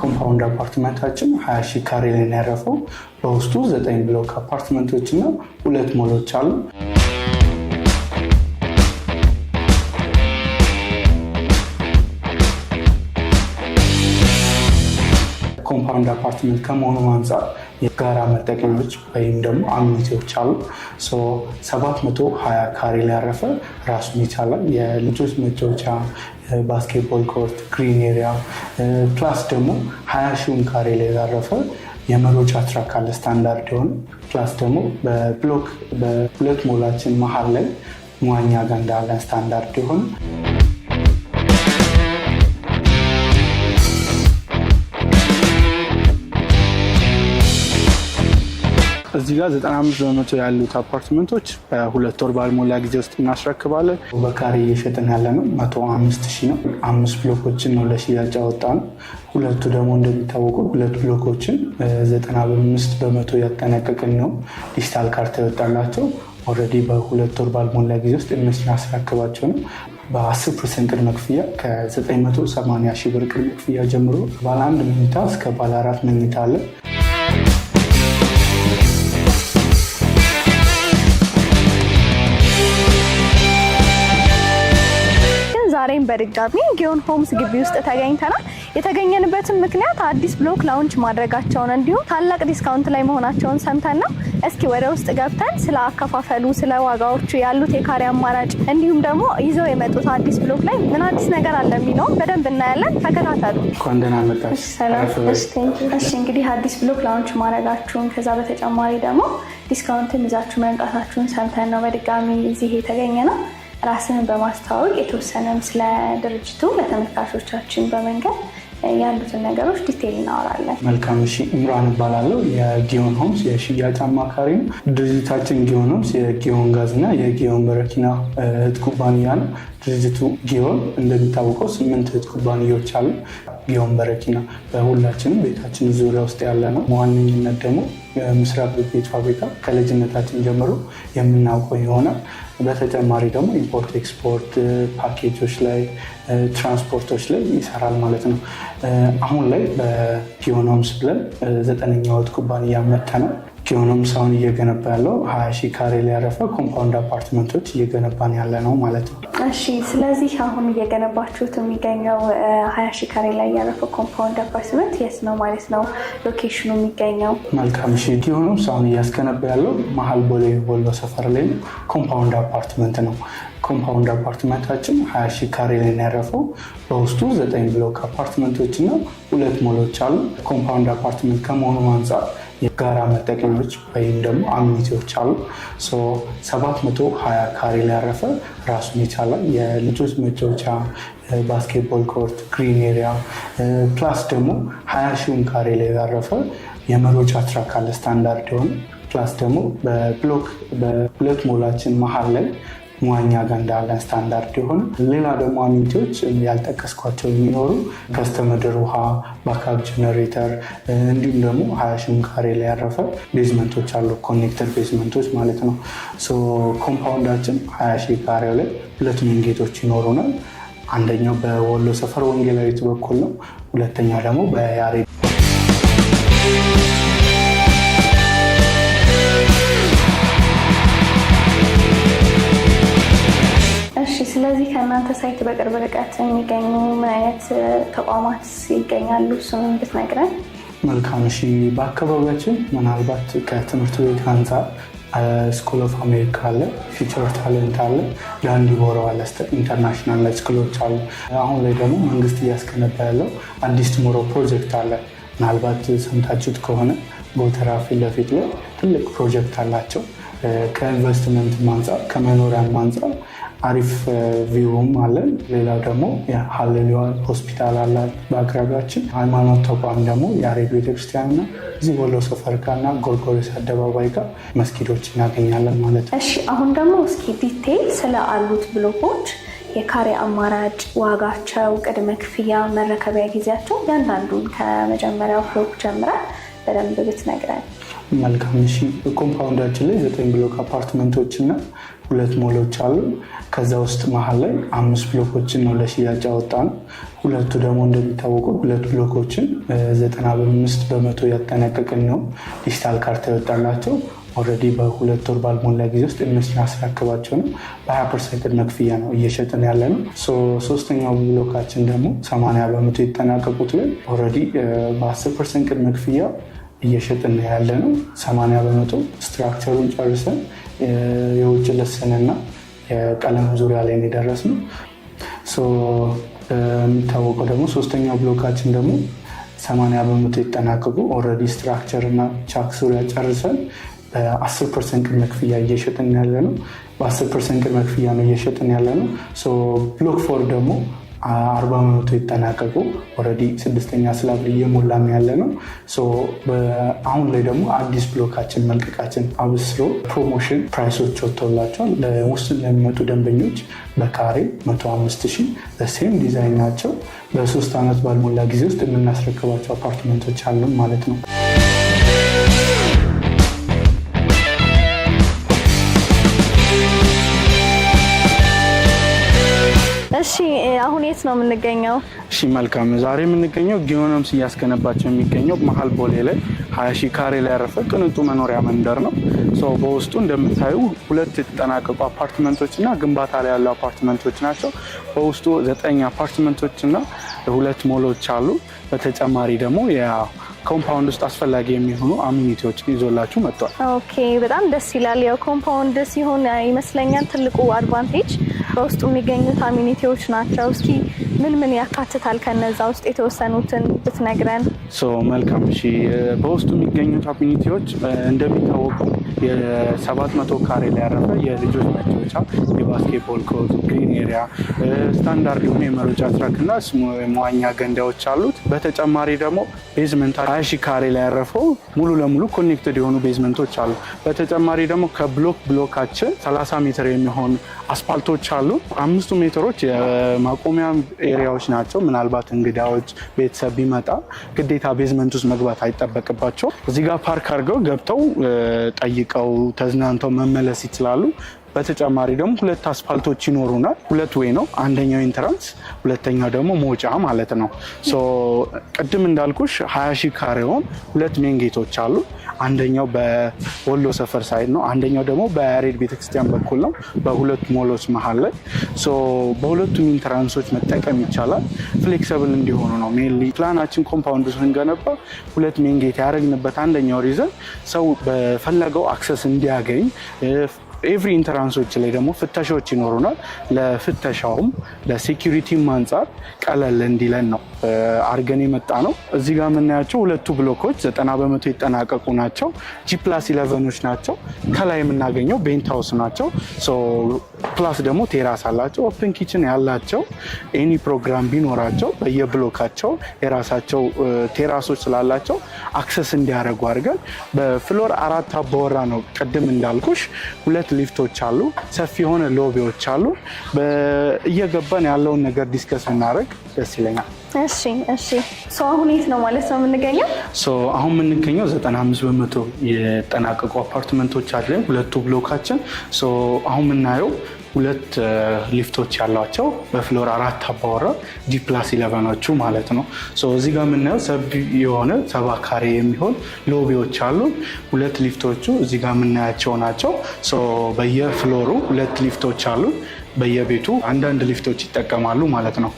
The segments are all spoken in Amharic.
ኮምፓውንድ አፓርትመንታችን ሀያ ሺህ ካሬ ላይ ያረፈው። በውስጡ ዘጠኝ ብሎክ አፓርትመንቶች እና ሁለት ሞሎች አሉ። ኮምፓውንድ አፓርትመንት ከመሆኑ አንጻር የጋራ መጠቀሚያዎች ወይም ደግሞ አሚኒቲዎች አሉ። ሰባት መቶ ሀያ ካሬ ላይ ያረፈ ራሱን የቻለ የልጆች መጫወቻ፣ ባስኬትቦል ኮርት፣ ግሪን ኤሪያ ፕላስ ደግሞ ሀያ ሺውን ካሬ ላይ ያረፈ የመሮጫ ትራክ አለ ስታንዳርድ የሆነ ፕላስ ደግሞ በብሎክ በሁለት ሞላችን መሀል ላይ መዋኛ ገንዳ አለ ስታንዳርድ የሆነ እዚህ ጋር 95 በመቶ ያሉት አፓርትመንቶች በሁለት ወር ባልሞላ ጊዜ ውስጥ እናስረክባለን። በካሬ እየሸጥን ያለ ነው 105 ሺ ነው። አምስት ብሎኮችን ነው ለሽያጭ ያወጣ ነው። ሁለቱ ደግሞ እንደሚታወቀው ሁለት ብሎኮችን 95 በመቶ ያጠናቀቅን ነው። ዲጂታል ካርታ ያወጣላቸው ኦልሬዲ በሁለት ወር ባልሞላ ጊዜ ውስጥ እነሱ አስረክባቸው ነው። በ10 ፐርሰንት ቅድመ ክፍያ ከ980 ሺ ብር ቅድመ ክፍያ ጀምሮ ባለ አንድ መኝታ እስከ ባለ አራት መኝታ አለን። ዛሬም በድጋሚ ጊዮን ሆምስ ግቢ ውስጥ ተገኝተናል። የተገኘንበትን ምክንያት አዲስ ብሎክ ላውንች ማድረጋቸውን እንዲሁም ታላቅ ዲስካውንት ላይ መሆናቸውን ሰምተን ነው። እስኪ ወደ ውስጥ ገብተን ስለ አከፋፈሉ፣ ስለ ዋጋዎቹ፣ ያሉት የካሬ አማራጭ እንዲሁም ደግሞ ይዘው የመጡት አዲስ ብሎክ ላይ ምን አዲስ ነገር አለ የሚለውም በደንብ እናያለን። ተከታተሉ። እንኳን ደህና እንግዲህ አዲስ ብሎክ ላውንች ማድረጋችሁን ከዛ በተጨማሪ ደግሞ ዲስካውንትን ይዛችሁ መምጣታችሁን ሰምተን ነው በድጋሚ እዚህ የተገኘ ነው። ራስን በማስተዋወቅ የተወሰነም ስለ ድርጅቱ ለተመልካቾቻችን በመንገድ ያሉትን ነገሮች ዲቴል እናወራለን። መልካም እሺ። ኢምራን እባላለሁ የጊዮን ሆምስ የሽያጭ አማካሪ ነው። ድርጅታችን ጊዮን ሆምስ የጊዮን ጋዝ እና የጊዮን በረኪና እህት ኩባንያ ነው። ድርጅቱ ጊዮን እንደሚታወቀው ስምንት እህት ኩባንያዎች አሉ። ጊዮን በረኪና በሁላችንም ቤታችን ዙሪያ ውስጥ ያለ ነው። በዋነኝነት ደግሞ ምስራቅ ቤት ፋብሪካ ከልጅነታችን ጀምሮ የምናውቀው ይሆናል። በተጨማሪ ደግሞ ኢምፖርት ኤክስፖርት ፓኬጆች ላይ ትራንስፖርቶች uh, ላይ ይሰራል ማለት ነው። uh, አሁን ላይ በፒዮኖምስ ብለን uh, ዘጠነኛ ወጥ ኩባንያ መጥተናል። የሆነም ሳሁን እየገነባ ያለው ሀያ ሺህ ካሬ ላይ ያረፈ ኮምፓውንድ አፓርትመንቶች እየገነባን ያለ ነው ማለት ነው። እሺ፣ ስለዚህ አሁን እየገነባችሁት የሚገኘው ሀያ ሺህ ካሬ ላይ ያረፈ ኮምፓውንድ አፓርትመንት የት ነው ማለት ነው ሎኬሽኑ የሚገኘው? መልካም። እሺ፣ የሆነም ሰውን እያስገነባ ያለው መሀል ቦሌ ወሎ ሰፈር ላይ ኮምፓውንድ አፓርትመንት ነው። ኮምፓውንድ አፓርትመንታችን ሀያ ሺህ ካሬ ላይ ያረፈው በውስጡ ዘጠኝ ብሎክ አፓርትመንቶች እና ሁለት ሞሎች አሉ። ኮምፓውንድ አፓርትመንት ከመሆኑ አንጻር የጋራ መጠቀሚያዎች ወይም ደግሞ አሚኒቲዎች አሉ። 720 ካሬ ላይ ያረፈ ራሱን የቻለ የልጆች መጫወቻ ባስኬትቦል ኮርት፣ ግሪን ኤሪያ ፕላስ ደግሞ ሀያ ሺውን ካሬ ላይ ያረፈ የመሮጫ ትራክ አለ ስታንዳርድ የሆነ ፕላስ ደግሞ በብሎክ በሁለት ሞላችን መሀል ላይ መዋኛ ጋር አለን ስታንዳርድ የሆነ ሌላ ደግሞ አሚኒቲዎች ያልጠቀስኳቸው የሚኖሩ ከስተምድር ውሃ ባካፕ ጀነሬተር እንዲሁም ደግሞ ሀያ ሺህ ላይ ያረፈ ቤዝመንቶች አሉ ኮኔክተር ቤዝመንቶች ማለት ነው ኮምፓውንዳችን ሀያ ሺ ካሬ ላይ ሁለት መንጌቶች ይኖሩናል አንደኛው በወሎ ሰፈር ወንጌላዊት በኩል ነው ሁለተኛው ደግሞ በያሬ በእናንተ ሳይት በቅርብ ርቀት የሚገኙ ምን አይነት ተቋማት ይገኛሉ? እሱን ብትነግረን። መልካም እሺ። በአካባቢያችን ምናልባት ከትምህርት ቤት አንጻር ስኩል ኦፍ አሜሪካ አለ፣ ፊቸር ታለንት አለ፣ ዳንዲ ቦሮ አለ፣ ኢንተርናሽናል ስኩሎች አሉ። አሁን ላይ ደግሞ መንግስት እያስገነባ ያለው አዲስ ትሞሮ ፕሮጀክት አለ። ምናልባት ሰምታችሁት ከሆነ ጎተራ ፊት ለፊት ላይ ትልቅ ፕሮጀክት አላቸው። ከኢንቨስትመንት አንጻር ከመኖሪያም አንጻር አሪፍ ቪውም አለን። ሌላው ደግሞ ሀሌሉያ ሆስፒታል አለ በአቅራቢያችን። ሃይማኖት ተቋም ደግሞ የአሬድ ቤተክርስቲያንና እዚህ ወሎ ሰፈር ጋርና ጎርጎሪስ አደባባይ ጋር መስጊዶች እናገኛለን ማለት ነው። እሺ አሁን ደግሞ እስኪ ዲቴል ስለ አሉት ብሎኮች የካሬ አማራጭ፣ ዋጋቸው፣ ቅድመ ክፍያ፣ መረከቢያ ጊዜያቸው ያንዳንዱን ከመጀመሪያው ብሎክ ጀምረ በደንብ ብትነግረን መልካም። እሺ ኮምፓውንዳችን ላይ ዘጠኝ ብሎክ አፓርትመንቶች እና ሁለት ሞሎች አሉ። ከዛ ውስጥ መሀል ላይ አምስት ብሎኮችን ነው ለሽያጭ ያወጣን። ሁለቱ ደግሞ እንደሚታወቀው ሁለት ብሎኮችን ዘጠና በአምስት በመቶ ያጠናቀቅን ነው ዲጂታል ካርታ ያወጣላቸው ኦልሬዲ በሁለት ወር ባልሞላ ጊዜ ውስጥ እነሱን አስረክባቸው ነው። በሀያ ፐርሰንት መክፍያ ነው እየሸጥን ያለ ነው። ሶስተኛው ብሎካችን ደግሞ ሰማንያ በመቶ የተጠናቀቁት ላይ ኦልሬዲ በአስር ፐርሰንት ቅድመ ክፍያ እየሸጥን ያለ ነው። ሰማንያ በመቶ ስትራክቸሩን ጨርሰን የውጭ ልስንና የቀለም ዙሪያ ላይ የደረስ ነው። የሚታወቀው ደግሞ ሶስተኛው ብሎካችን ደግሞ ሰማንያ በመቶ ይጠናቀቁ ኦልሬዲ ስትራክቸር እና ቻክ ዙሪያ ጨርሰን በአስር ፐርሰንት ቅድመ ክፍያ እየሸጥን ያለ ነው። በአስር ፐርሰንት ቅድመ ክፍያ ነው እየሸጥን ያለ ነው። ብሎክ ፎር ደግሞ አርባ በመቶ ይጠናቀቁ ኦልሬዲ ስድስተኛ ስላብ እየሞላም ያለ ነው። አሁን ላይ ደግሞ አዲስ ብሎካችን መልቀቃችን አብስሮ ፕሮሞሽን ፕራይሶች ወጥቶላቸዋል። ውስጥ ለሚመጡ ደንበኞች በካሬ 105 ሺህ በሴም ዲዛይን ናቸው። በሶስት ዓመት ባልሞላ ጊዜ ውስጥ የምናስረክባቸው አፓርትመንቶች አሉ ማለት ነው። አሁን የት ነው የምንገኘው? እሺ መልካም። ዛሬ የምንገኘው ጊዮኖምስ እያስገነባቸው የሚገኘው መሀል ቦሌ ላይ ሀያ ሺህ ካሬ ላይ ያረፈ ቅንጡ መኖሪያ መንደር ነው። በውስጡ እንደምታዩ ሁለት የተጠናቀቁ አፓርትመንቶች እና ግንባታ ላይ ያሉ አፓርትመንቶች ናቸው። በውስጡ ዘጠኝ አፓርትመንቶች እና ሁለት ሞሎች አሉ። በተጨማሪ ደግሞ ኮምፓውንድ ውስጥ አስፈላጊ የሚሆኑ አሚኒቲዎችን ይዞላችሁ መጥቷል። ኦኬ በጣም ደስ ይላል። ያው ኮምፓውንድ ሲሆን ይመስለኛል ትልቁ አድቫንቴጅ በውስጡ የሚገኙት አሚኒቲዎች ናቸው። እስኪ ምን ምን ያካትታል? ከነዛ ውስጥ የተወሰኑትን ብትነግረን። መልካም። እሺ በውስጡ የሚገኙት አሚኒቲዎች እንደሚታወቁ የሰባት መቶ ካሬ ላይ ያረፈ የልጆች መጫወቻ፣ የባስኬትቦል ኮርት፣ ግሪን ኤሪያ፣ ስታንዳርድ የሆነ የመሮጫ ትራክ እና መዋኛ ገንዳዎች አሉት። በተጨማሪ ደግሞ ቤዝመንት ሃያ ሺህ ካሬ ላይ ያረፈው ሙሉ ለሙሉ ኮኔክትድ የሆኑ ቤዝመንቶች አሉ። በተጨማሪ ደግሞ ከብሎክ ብሎካችን 30 ሜትር የሚሆን አስፓልቶች አሉ። አምስቱ ሜትሮች የማቆሚያ ኤሪያዎች ናቸው። ምናልባት እንግዳዎች ቤተሰብ ቢመጣ ግዴታ ቤዝመንት ውስጥ መግባት አይጠበቅባቸው እዚህ ጋር ፓርክ አድርገው ገብተው ጠይ ጠይቀው ተዝናንተው መመለስ ይችላሉ። በተጨማሪ ደግሞ ሁለት አስፋልቶች ይኖሩናል። ሁለት ወይ ነው፣ አንደኛው ኢንትራንስ፣ ሁለተኛው ደግሞ መውጫ ማለት ነው። ቅድም እንዳልኩሽ ሀያ ሺህ ካሬውን ሁለት ሜን ጌቶች አሉ። አንደኛው በወሎ ሰፈር ሳይድ ነው፣ አንደኛው ደግሞ በያሬድ ቤተክርስቲያን በኩል ነው። በሁለቱ ሞሎች መሀል ላይ በሁለቱም ኢንትራንሶች መጠቀም ይቻላል። ፍሌክሰብል እንዲሆኑ ነው ሜንሊ ፕላናችን። ኮምፓውንዱ ስንገነባ ሁለት ሜን ጌት ያደረግንበት አንደኛው ሪዘን ሰው በፈለገው አክሰስ እንዲያገኝ ኤቭሪ ኢንተራንሶች ላይ ደግሞ ፍተሻዎች ይኖሩናል። ለፍተሻውም ለሴኪሪቲም አንጻር ቀለል እንዲለን ነው አርገን የመጣ ነው። እዚህ ጋር የምናያቸው ሁለቱ ብሎኮች ዘጠና በመቶ የጠናቀቁ ናቸው። ጂፕላስ ኢለቨኖች ናቸው። ከላይ የምናገኘው ቤንት ሃውስ ናቸው። ፕላስ ደግሞ ቴራስ አላቸው፣ ኦፕን ኪችን ያላቸው ኤኒ ፕሮግራም ቢኖራቸው በየብሎካቸው የራሳቸው ቴራሶች ስላላቸው አክሰስ እንዲያደርጉ አድርገን በፍሎር አራት አባወራ ነው። ቅድም እንዳልኩሽ ሁለት ሊፍቶች አሉ፣ ሰፊ የሆነ ሎቢዎች አሉ። እየገባን ያለውን ነገር ዲስከስ እናደርግ ደስ ይለኛል። እሺ እሺ። ሶ አሁን የት ነው ማለት ነው የምንገኘው? አሁን የምንገኘው 95 በመቶ የጠናቀቁ አፓርትመንቶች አለን ሁለቱ ብሎካችን። ሶ አሁን የምናየው ሁለት ሊፍቶች ያሏቸው በፍሎር አራት አባወራ ዲፕላስ ኢለቨኖቹ ማለት ነው። እዚህ ጋር የምናየው ሰብ የሆነ ሰባ ካሬ የሚሆን ሎቢዎች አሉ። ሁለት ሊፍቶቹ እዚህ ጋር የምናያቸው ናቸው። በየፍሎሩ ሁለት ሊፍቶች አሉ። በየቤቱ አንዳንድ ሊፍቶች ይጠቀማሉ ማለት ነው።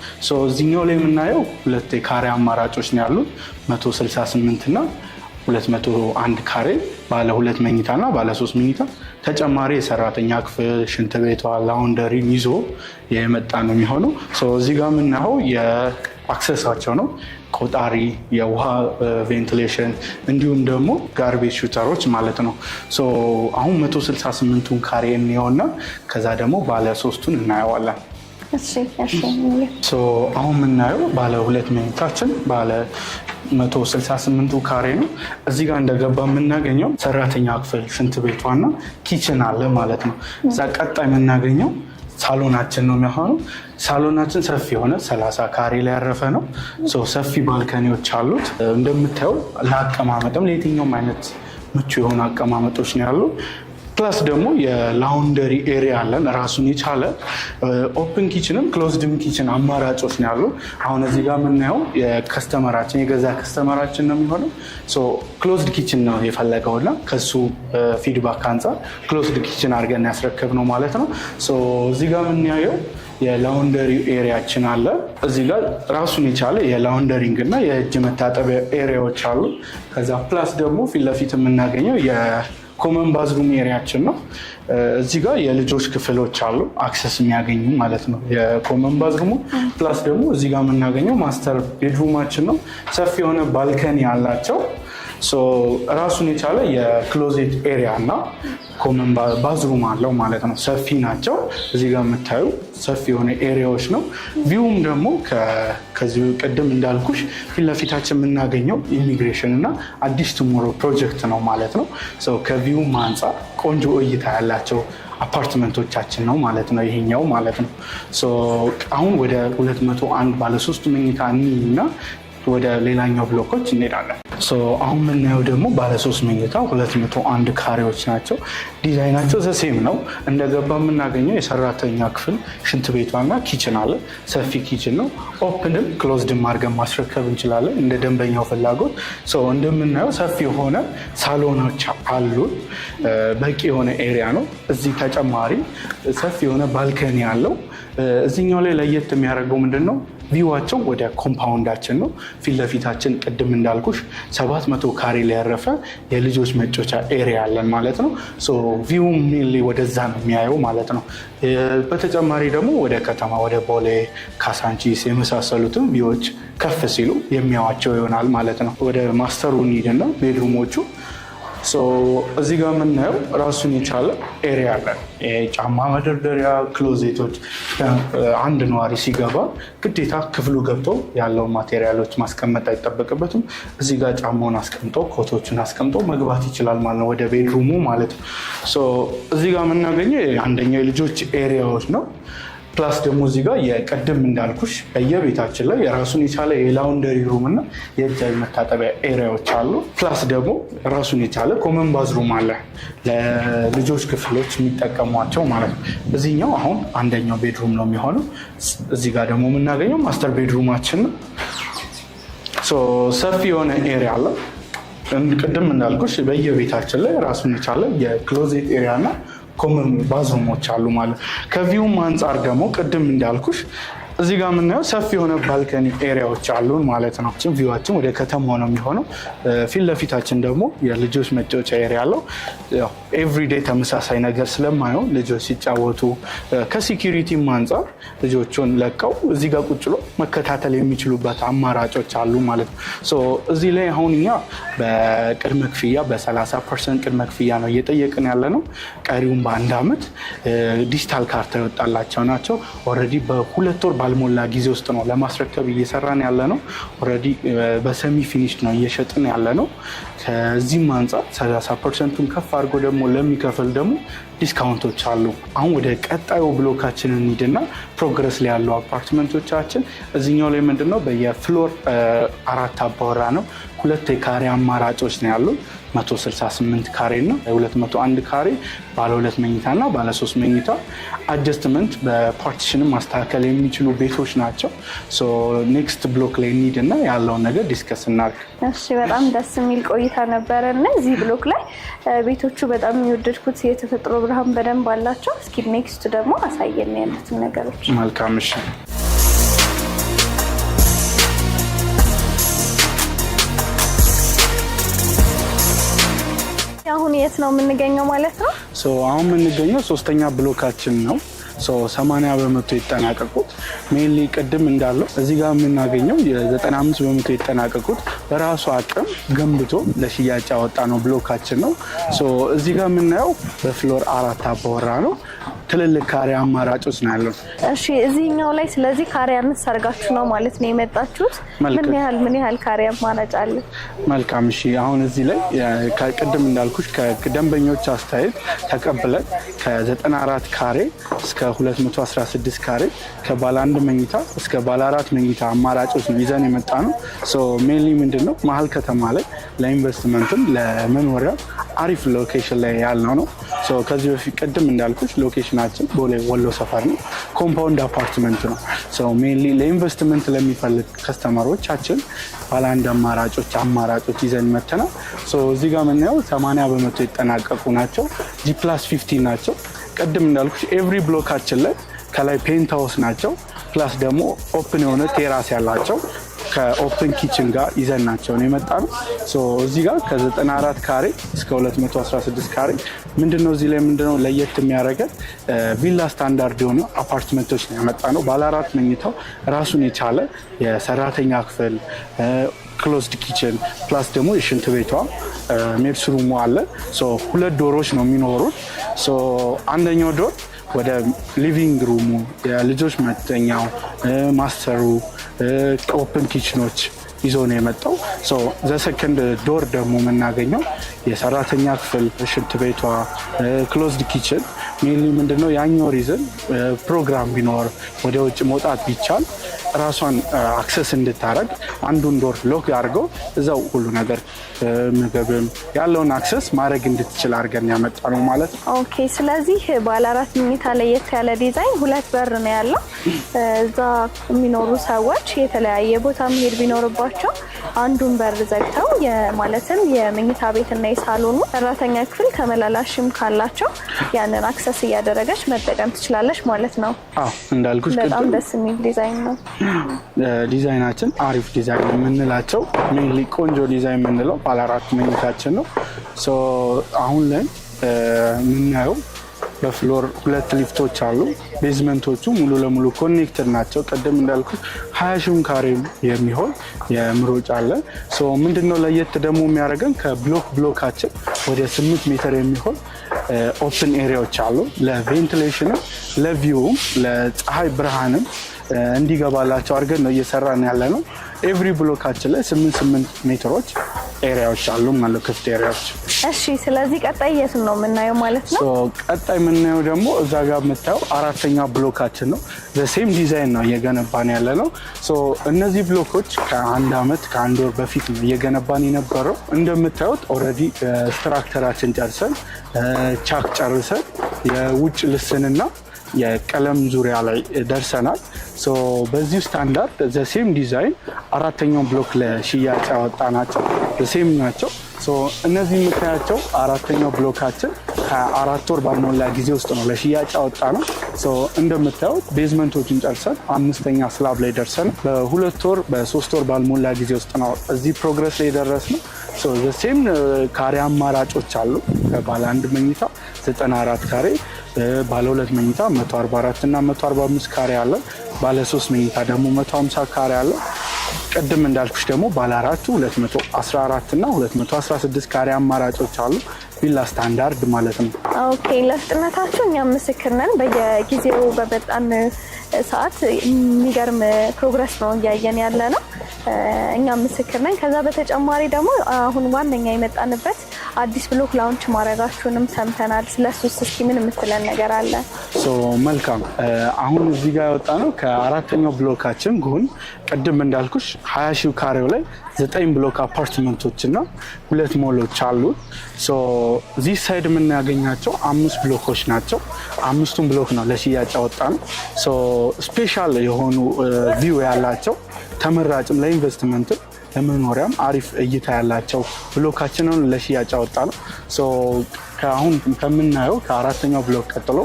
እዚህኛው ላይ የምናየው ሁለት የካሬ አማራጮች ነው ያሉት 168 እና 201 ካሬ ባለ ሁለት መኝታና ባለ ሶስት መኝታ ተጨማሪ የሰራተኛ ክፍል ሽንት ቤቷ ላውንደሪን ይዞ የመጣ ነው የሚሆነው። እዚህ ጋር የምናየው የአክሰሳቸው ነው ቆጣሪ፣ የውሃ ቬንቲሌሽን እንዲሁም ደግሞ ጋርቤጅ ሹተሮች ማለት ነው። አሁን 168ቱን ካሬ የሚሆንና ከዛ ደግሞ ባለ ሶስቱን እናየዋለን። አሁን የምናየው ባለ ሁለት መኝታችን ባለ 168ቱ ካሬ ነው። እዚህ ጋር እንደገባ የምናገኘው ሰራተኛ ክፍል ሽንት ቤቷና ኪችን አለ ማለት ነው። እዛ ቀጣይ የምናገኘው ሳሎናችን ነው የሚሆነው። ሳሎናችን ሰፊ የሆነ ሰላሳ ካሬ ላይ ያረፈ ነው። ሰፊ ባልከኒዎች አሉት። እንደምታየው ለአቀማመጥም ለየትኛውም አይነት ምቹ የሆኑ አቀማመጦች ነው ያሉ ፕላስ ደግሞ የላውንደሪ ኤሪያ አለን ራሱን የቻለ ኦፕን ኪችንም ክሎዝድም ኪችን አማራጮች ነው ያሉ። አሁን እዚህ ጋር የምናየው የከስተመራችን የገዛ ከስተመራችን ነው የሚሆነው። ክሎዝድ ኪችን ነው የፈለገውና ከሱ ፊድባክ አንጻር ክሎዝድ ኪችን አድርገን ያስረከብ ነው ማለት ነው። እዚህ ጋር የምናየው የላውንደሪ ኤሪያችን አለ። እዚህ ጋር ራሱን የቻለ የላውንደሪንግ እና የእጅ መታጠቢያ ኤሪያዎች አሉ። ከዛ ፕላስ ደግሞ ፊት ለፊት የምናገኘው ኮመን ባዝሩም ኤሪያችን ነው። እዚህ ጋር የልጆች ክፍሎች አሉ አክሰስ የሚያገኙ ማለት ነው። የኮመን ባዝሩሙ ፕላስ ደግሞ እዚህ ጋር የምናገኘው ማስተር ቤድሩማችን ነው። ሰፊ የሆነ ባልከኒ አላቸው። ራሱን የቻለ የክሎዜት ኤሪያ እና ኮመን ባዝሩም አለው ማለት ነው። ሰፊ ናቸው። እዚህ ጋር የምታዩ ሰፊ የሆነ ኤሪያዎች ነው። ቪውም ደግሞ ከዚህ ቅድም እንዳልኩሽ ፊት ለፊታችን የምናገኘው ኢሚግሬሽን እና አዲስ ቱሞሮ ፕሮጀክት ነው ማለት ነው። ከቪውም አንጻር ቆንጆ እይታ ያላቸው አፓርትመንቶቻችን ነው ማለት ነው። ይሄኛው ማለት ነው። አሁን ወደ 201 ባለሶስት መኝታ ኒ እና ወደ ሌላኛው ብሎኮች እንሄዳለን። አሁን የምናየው ደግሞ ባለሶስት መኝታ 201 ካሬዎች ናቸው። ዲዛይናቸው ዘሴም ነው። እንደገባ የምናገኘው የሰራተኛ ክፍል ሽንት ቤቷና ኪችን አለ። ሰፊ ኪችን ነው። ኦፕንም ክሎዝድም አድርገን ማስረከብ እንችላለን እንደ ደንበኛው ፍላጎት። እንደምናየው ሰፊ የሆነ ሳሎኖች አሉን። በቂ የሆነ ኤሪያ ነው። እዚህ ተጨማሪ ሰፊ የሆነ ባልከኒ አለው። እዚኛው ላይ ለየት የሚያደርገው ምንድን ነው? ቪዋቸው ወደ ኮምፓውንዳችን ነው። ፊት ለፊታችን ቅድም እንዳልኩሽ ሰባት መቶ ካሬ ሊያረፈ የልጆች መጮቻ ኤሪያ አለን ማለት ነው። ቪው ሜንሊ ወደዛ ነው የሚያየው ማለት ነው። በተጨማሪ ደግሞ ወደ ከተማ ወደ ቦሌ፣ ካሳንቺስ የመሳሰሉትም ቪዎች ከፍ ሲሉ የሚያዋቸው ይሆናል ማለት ነው። ወደ ማስተሩ ኒድ እና ቤድሩሞቹ እዚህ ጋር የምናየው ራሱን የቻለ ኤሪያ አለ። ጫማ መደርደሪያ፣ ክሎዜቶች። አንድ ነዋሪ ሲገባ ግዴታ ክፍሉ ገብቶ ያለው ማቴሪያሎች ማስቀመጥ አይጠበቅበትም። እዚህ ጋር ጫማውን አስቀምጦ ኮቶችን አስቀምጦ መግባት ይችላል ማለት ነው፣ ወደ ቤድሩሙ ማለት ነው። እዚህ ጋር የምናገኘው አንደኛው የልጆች ኤሪያዎች ነው። ፕላስ ደግሞ እዚህ ጋር የቅድም እንዳልኩሽ በየቤታችን ላይ የራሱን የቻለ የላውንደሪ ሩም እና የእጃዊ መታጠቢያ ኤሪያዎች አሉ። ፕላስ ደግሞ ራሱን የቻለ ኮመን ሩም አለ፣ ለልጆች ክፍሎች የሚጠቀሟቸው ማለት ነው። እዚህኛው አሁን አንደኛው ቤድሩም ነው የሚሆነው። እዚህ ጋር ደግሞ የምናገኘው ማስተር ቤድሩማችን ነው። ሰፊ የሆነ ኤሪያ አለ። ቅድም እንዳልኩሽ በየቤታችን ላይ ራሱን የቻለ የክሎዜት ኤሪያ እና ኮመን ባዝሩሞች አሉ ማለት ከቪውም አንጻር ደግሞ ቅድም እንዳልኩሽ እዚህ ጋር የምናየው ሰፊ የሆነ ባልከኒ ኤሪያዎች አሉን ማለት ነው። ቪዋችን ወደ ከተማ ነው የሚሆነው። ፊት ለፊታችን ደግሞ የልጆች መጫወቻ ኤሪያ አለው። ኤቭሪዴ ተመሳሳይ ነገር ስለማየው ልጆች ሲጫወቱ ከሲኪሪቲም አንጻር ልጆቹን ለቀው እዚህ ጋር ቁጭ ብሎ መከታተል የሚችሉበት አማራጮች አሉ ማለት ነው። እዚህ ላይ አሁን እኛ በቅድመ ክፍያ በ30 ፐርሰንት ቅድመ ክፍያ ነው እየጠየቅን ያለ ነው። ቀሪውን በአንድ አመት ዲጂታል ካርታ የወጣላቸው ናቸው። ኦልሬዲ በሁለት ወር ባልሞላ ጊዜ ውስጥ ነው ለማስረከብ እየሰራን ያለ ነው። ኦልሬዲ በሰሚ ፊኒሽ ነው እየሸጥን ያለ ነው። ከዚህም አንጻር 30 ፐርሰንቱን ከፍ አድርጎ ደግሞ ለሚከፍል ደግሞ ዲስካውንቶች አሉ። አሁን ወደ ቀጣዩ ብሎካችን እንሂድና ፕሮግረስ ላይ ያሉ አፓርትመንቶቻችን እዚኛው ላይ ምንድነው በየፍሎር uh, አራት አባወራ ነው ሁለት የካሬ አማራጮች ነው ያሉት 168 ካሬ እና 201 ካሬ ባለ ሁለት መኝታ እና ባለ ሶስት መኝታ አጀስትመንት በፓርቲሽንም ማስተካከል የሚችሉ ቤቶች ናቸው። ኔክስት ብሎክ ላይ እንሂድ እና ያለውን ነገር ዲስከስ እናርግ። እሺ፣ በጣም ደስ የሚል ቆይታ ነበረ እና እዚህ ብሎክ ላይ ቤቶቹ በጣም የወደድኩት የተፈጥሮ ብርሃን በደንብ አላቸው። እስኪ ኔክስቱ ደግሞ አሳየን ያሉትን ነገሮች። መልካም እሺ። የት ነው የምንገኘው ማለት ነው? አሁን የምንገኘው ሶስተኛ ብሎካችን ነው። ሰማንያ በመቶ የተጠናቀቁት ሜንሊ ቅድም እንዳለው እዚህ ጋር የምናገኘው የዘጠና አምስት በመቶ የተጠናቀቁት በራሱ አቅም ገንብቶ ለሽያጭ ያወጣ ነው ብሎካችን ነው። እዚህ ጋር የምናየው በፍሎር አራት አባወራ ነው። ትልልቅ ካሬ አማራጮች ነው ያለው። እሺ እዚህኛው ላይ ስለዚህ ካሬ አምስት ሰርጋችሁ ነው ማለት ነው የመጣችሁት። ምን ያህል ምን ያህል ካሬ አማራጭ አለ? መልካም እሺ። አሁን እዚህ ላይ ቅድም እንዳልኩሽ ከደንበኞች አስተያየት ተቀብለን ከ94 ካሬ እስከ 216 ካሬ ከባለ አንድ መኝታ እስከ ባለ አራት መኝታ አማራጮች ነው ይዘን የመጣ ነው። ሜንሊ ምንድን ነው መሀል ከተማ ላይ ለኢንቨስትመንትም ለመኖሪያ አሪፍ ሎኬሽን ላይ ያልነው ነው። ከዚህ በፊት ቅድም እንዳልኩሽ ሎኬሽን ከተማችን ቦሌ ወሎ ሰፈር ነው። ኮምፓውንድ አፓርትመንት ነው። ሰው ሜንሊ ለኢንቨስትመንት ለሚፈልግ ከስተመሮቻችን ባለ አንድ አማራጮች አማራጮች ይዘን መተናል። እዚህ ጋር የምናየው 80 በመቶ የጠናቀቁ ናቸው። ጂፕላስ ፊፍቲ ናቸው። ቅድም እንዳልኩ ኤቭሪ ብሎካችን ላይ ከላይ ፔንት ሃውስ ናቸው። ፕላስ ደግሞ ኦፕን የሆነ ቴራስ ያላቸው ከኦፕን ኪችን ጋር ይዘን ናቸው ነው የመጣ ነው። እዚህ ጋር ከ94 ካሬ እስከ 216 ካሬ ምንድነው እዚህ ላይ ምንድነው ለየት የሚያደርገን ቪላ ስታንዳርድ የሆኑ አፓርትመንቶች ነው ያመጣ ነው። ባለአራት መኝታው ራሱን የቻለ የሰራተኛ ክፍል ክሎዝድ ኪችን ፕላስ ደግሞ የሽንት ቤቷ ሜድስሩሙ አለ። ሁለት ዶሮች ነው የሚኖሩት። አንደኛው ዶር ወደ ሊቪንግ ሩሙ፣ የልጆች መተኛው፣ ማስተሩ፣ ኦፕን ኪችኖች ይዞ ነው የመጣው። ዘሰከንድ ዶር ደግሞ የምናገኘው የሰራተኛ ክፍል፣ ሽንት ቤቷ፣ ክሎዝድ ኪችን ሜንሊ ምንድነው ያኛው ሪዝን ፕሮግራም ቢኖር ወደ ውጭ መውጣት ቢቻል ራሷን አክሰስ እንድታደረግ አንዱን ዶር ሎክ አድርገው እዛው ሁሉ ነገር ምግብም ያለውን አክሰስ ማድረግ እንድትችል አድርገን ያመጣ ነው ማለት ነው። ኦኬ። ስለዚህ ባለ አራት መኝታ ለየት ያለ ዲዛይን ሁለት በር ነው ያለው። እዛ የሚኖሩ ሰዎች የተለያየ ቦታ መሄድ ቢኖርባቸው አንዱን በር ዘግተው ማለትም የመኝታ ቤትና የሳሎኑ ሰራተኛ ክፍል ተመላላሽም ካላቸው ያንን አክሰስ እያደረገች መጠቀም ትችላለች ማለት ነው። እንዳልኩሽ በጣም ደስ የሚል ዲዛይን ነው። ዲዛይናችን አሪፍ ዲዛይን የምንላቸው ሜንሊ ቆንጆ ዲዛይን የምንለው ባለአራት መኝታችን ነው። አሁን ላይ የምናየው በፍሎር ሁለት ሊፍቶች አሉ። ቤዝመንቶቹ ሙሉ ለሙሉ ኮኔክትድ ናቸው። ቅድም እንዳልኩት ሀያ ሺህ ካሬ የሚሆን የምሮጫ አለን። ምንድነው ለየት ደግሞ የሚያደርገን ከብሎክ ብሎካችን ወደ ስምንት ሜትር የሚሆን ኦፕን ኤሪያዎች አሉ። ለቬንቲሌሽንም፣ ለቪውም፣ ለፀሐይ ብርሃንም እንዲገባላቸው አድርገን ነው እየሰራን ያለ ነው። ኤቭሪ ብሎካችን ላይ ስምንት ስምንት ሜትሮች ኤሪያዎች አሉ ማለ ክፍት ኤሪያዎች። እሺ፣ ስለዚህ ቀጣይ የት ነው የምናየው ማለት ነው? ቀጣይ የምናየው ደግሞ እዛ ጋር የምታየው አራተኛ ብሎካችን ነው። ዘሴም ዲዛይን ነው እየገነባን ያለ ነው። እነዚህ ብሎኮች ከአንድ አመት ከአንድ ወር በፊት ነው እየገነባን የነበረው። እንደምታዩት ኦልሬዲ ስትራክተራችን ጨርሰን ቻክ ጨርሰን የውጭ ልስንና የቀለም ዙሪያ ላይ ደርሰናል። በዚሁ ስታንዳርድ ዘሴም ዲዛይን አራተኛውን ብሎክ ለሽያጭ ያወጣ ናቸው ዘሴም ናቸው። እነዚህ የምታያቸው አራተኛው ብሎካችን ከአራት ወር ባልሞላ ጊዜ ውስጥ ነው ለሽያጭ ያወጣ ነው። እንደምታዩት ቤዝመንቶችን ጨርሰን አምስተኛ ስላብ ላይ ደርሰን በሁለት ወር በሶስት ወር ባልሞላ ጊዜ ውስጥ ነው እዚህ ፕሮግረስ ላይ ደረስ ነው። ዘሴም ካሬ አማራጮች አሉ። ከባለ አንድ መኝታ 94 ካሬ ባለ ሁለት መኝታ 144 እና 145 ካሬ አለ። ባለ ሶስት መኝታ ደግሞ 150 ካሬ አለ። ቅድም እንዳልኩሽ ደግሞ ባለ አራቱ 214 እና 216 ካሬ አማራጮች አሉ። ቪላ ስታንዳርድ ማለት ነው። ኦኬ ለፍጥነታቸው እኛም ምስክር ነን። በየጊዜው በበጣም ሰዓት የሚገርም ፕሮግረስ ነው እያየን ያለ ነው። እኛም ምስክር ነን። ከዛ በተጨማሪ ደግሞ አሁን ዋነኛ የመጣንበት አዲስ ብሎክ ላውንች ማድረጋችሁንም ሰምተናል። ስለሱስ እስኪ ምን የምትለን ነገር አለ? መልካም። አሁን እዚህ ጋር የወጣ ነው ከአራተኛው ብሎካችን ጉን ቅድም እንዳልኩሽ ሀያ ሺህ ካሬው ላይ ዘጠኝ ብሎክ አፓርትመንቶች እና ሁለት ሞሎች አሉ። እዚህ ሳይድ የምናገኛቸው አምስት ብሎኮች ናቸው። አምስቱን ብሎክ ነው ለሽያጭ ያወጣ ነው ስፔሻል የሆኑ ቪው ያላቸው ተመራጭም ለኢንቨስትመንትም ለመኖሪያም አሪፍ እይታ ያላቸው ብሎካችንን ለሽያጭ አወጣ ነው። አሁን ከምናየው ከአራተኛው ብሎክ ቀጥሎ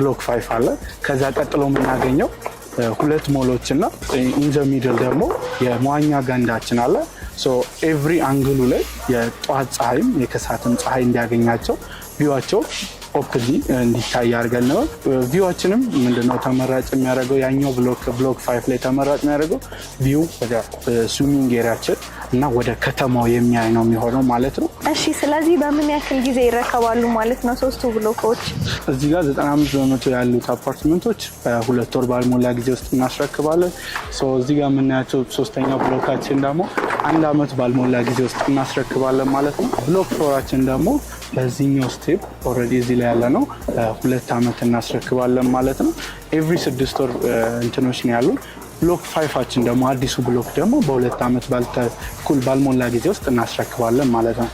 ብሎክ ፋይፍ አለ። ከዛ ቀጥሎ የምናገኘው ሁለት ሞሎች እና ኢንዘ ሚድል ደግሞ የመዋኛ ገንዳችን አለ። ኤቭሪ አንግሉ ላይ የጠዋት ፀሐይም የከሳትም ፀሐይ እንዲያገኛቸው ቪዋቸው ኦፕሊ እንዲታይ አድርገን ነው። ቪዋችንም ምንድነው ተመራጭ የሚያደርገው ያኛው ብሎክ ብሎክ ፋይፍ ላይ ተመራጭ የሚያደርገው ቪው ወደ ስዊሚንግ ኤሪያችን እና ወደ ከተማው የሚያይ ነው የሚሆነው ማለት ነው። እሺ፣ ስለዚህ በምን ያክል ጊዜ ይረከባሉ ማለት ነው ሶስቱ ብሎኮች? እዚህ ጋር 95 በመቶ ያሉት አፓርትመንቶች በሁለት ወር ባልሞላ ጊዜ ውስጥ እናስረክባለን። እዚህ ጋር የምናያቸው ሶስተኛ ብሎካችን ደግሞ አንድ አመት ባልሞላ ጊዜ ውስጥ እናስረክባለን ማለት ነው። ብሎክ ፎራችን ደግሞ በዚህኛው ስቴፕ ኦልሬዲ እዚህ ላይ ያለ ነው ሁለት ዓመት እናስረክባለን ማለት ነው። ኤቭሪ ስድስት ወር እንትኖች ነው ያሉን። ብሎክ ፋይፋችን ደግሞ አዲሱ ብሎክ ደግሞ በሁለት ዓመት ባልተኩል ባልሞላ ጊዜ ውስጥ እናስረክባለን ማለት ነው።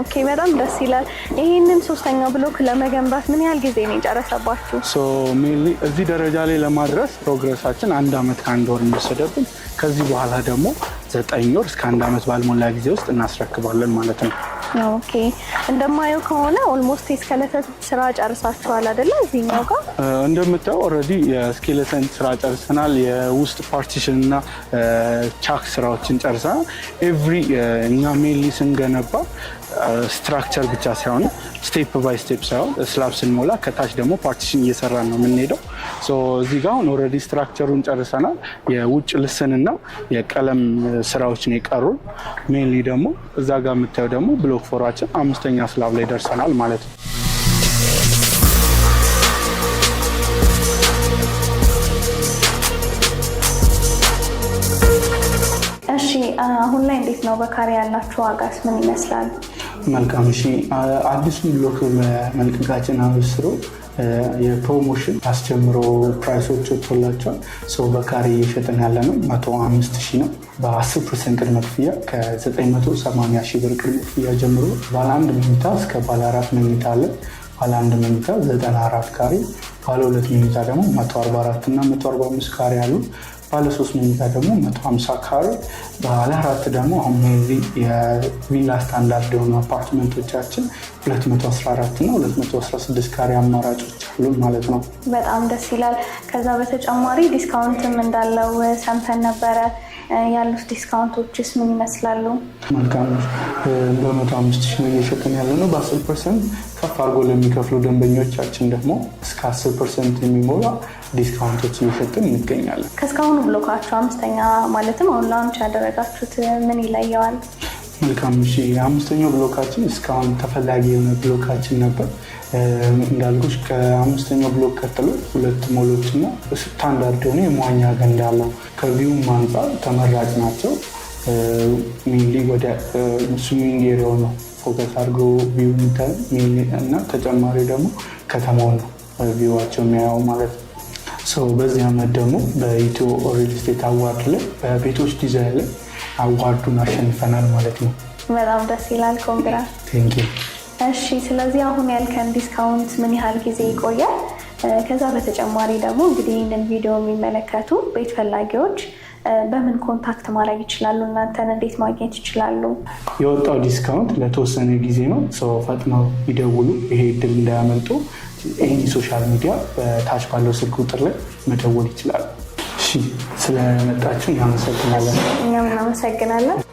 ኦኬ በጣም ደስ ይላል። ይህንን ሶስተኛው ብሎክ ለመገንባት ምን ያህል ጊዜ ነው የጨረሰባችሁ? ሜይንሊ እዚህ ደረጃ ላይ ለማድረስ ፕሮግረሳችን አንድ ዓመት ከአንድ ወር የሚወሰደብን ከዚህ በኋላ ደግሞ ዘጠኝ ወር እስከ አንድ ዓመት ባልሞላ ጊዜ ውስጥ እናስረክባለን ማለት ነው። ኦኬ እንደማየው ከሆነ ኦልሞስት የስኬለተን ስራ ጨርሳችኋል አደለ? እዚህኛው ጋር እንደምታየው ኦልሬዲ የስኬለተን ስራ ጨርሰናል። የውስጥ ፓርቲሽን እና ቻክ ስራዎችን ጨርሰናል። ኤቭሪ እኛ ሜንሊ ስንገነባ ስትራክቸር ብቻ ሳይሆን ስቴፕ ባይ ስቴፕ ሳይሆን ስላብ ስንሞላ ከታች ደግሞ ፓርቲሽን እየሰራን ነው የምንሄደው። እዚህ ጋር አሁን ኦልሬዲ ስትራክቸሩን ጨርሰናል። የውጭ ልስንና የቀለም ስራዎችን የቀሩን ሜንሊ ደግሞ እዛ ጋር የምታየው ደግሞ ብሎክ ፎራችን አምስተኛ ስላብ ላይ ደርሰናል ማለት ነው። አሁን ላይ እንዴት ነው? በካሬ ያላችሁ ዋጋስ ምን ይመስላል? መልካም እሺ። አዲሱ ብሎክ መልቀቃችን አበስሮ የፕሮሞሽን አስጀምሮ ፕራይሶች ወጥቶላቸዋል። ሰው በካሬ እየሸጠን ያለ ነው መቶ አምስት ሺ ነው በ10 ፐርሰንት ቅድመ ክፍያ ከ980 ሺ ብር ቅድመ ክፍያ ጀምሮ ባለ አንድ መኝታ እስከ ባለ አራት መኝታ አለ። ባለ አንድ መኝታ 94 ካሬ፣ ባለ ሁለት መኝታ ደግሞ 144 እና 145 ካሬ አሉ። ባለሶስት መኝታ ደግሞ 150 ካሬ፣ ባለ አራት ደግሞ አሁን የቪላ ስታንዳርድ የሆኑ አፓርትመንቶቻችን 214 እና 216 ካሬ አማራጮች አሉ ማለት ነው። በጣም ደስ ይላል። ከዛ በተጨማሪ ዲስካውንትም እንዳለው ሰምተን ነበረ። ያሉት ዲስካውንቶችስ ምን ይመስላሉ? መልካም በመቶ አምስት ሺህ ነው ያለ ነው። በአስር ፐርሰንት ከፍ አድርጎ ለሚከፍሉ ደንበኞቻችን ደግሞ እስከ አስር ፐርሰንት የሚሞላ ዲስካውንቶች እየሸጥን እንገኛለን። ከእስካሁኑ ብሎካችሁ አምስተኛ ማለትም አሁን ላውንች ያደረጋችሁት ምን ይለየዋል? መልካም እሺ፣ አምስተኛው ብሎካችን እስካሁን ተፈላጊ የሆነ ብሎካችን ነበር። እንዳልኩሽ ከአምስተኛው ብሎክ ቀጥሎ ሁለት ሞሎች እና ስታንዳርድ የሆነ የመዋኛ ገንዳ አለው። ከቪውም አንጻር ተመራጭ ናቸው። ሚንሊ ወደ ስዊሚንግ ኤሪያው ነው ፎከስ አድርጎ ቪው እና ተጨማሪ ደግሞ ከተማው ነው ቪዋቸው የሚያየው ማለት ነው። በዚህ ዓመት ደግሞ በኢትዮ ሪል ስቴት አዋርድ ላይ በቤቶች ዲዛይን ላይ አዋርዱን አሸንፈናል ማለት ነው። በጣም ደስ ይላል። ኮንግራ ቴንኪው እሺ ስለዚህ አሁን ያልከን ዲስካውንት ምን ያህል ጊዜ ይቆያል? ከዛ በተጨማሪ ደግሞ እንግዲህ ይህንን ቪዲዮ የሚመለከቱ ቤት ፈላጊዎች በምን ኮንታክት ማድረግ ይችላሉ? እናንተን እንዴት ማግኘት ይችላሉ? የወጣው ዲስካውንት ለተወሰነ ጊዜ ነው። ሰው ፈጥነው ይደውሉ፣ ይሄ እድል እንዳያመልጡ። ይህ ሶሻል ሚዲያ በታች ባለው ስልክ ቁጥር ላይ መደወል ይችላሉ። ስለመጣችሁ እናመሰግናለን። እኛም እናመሰግናለን።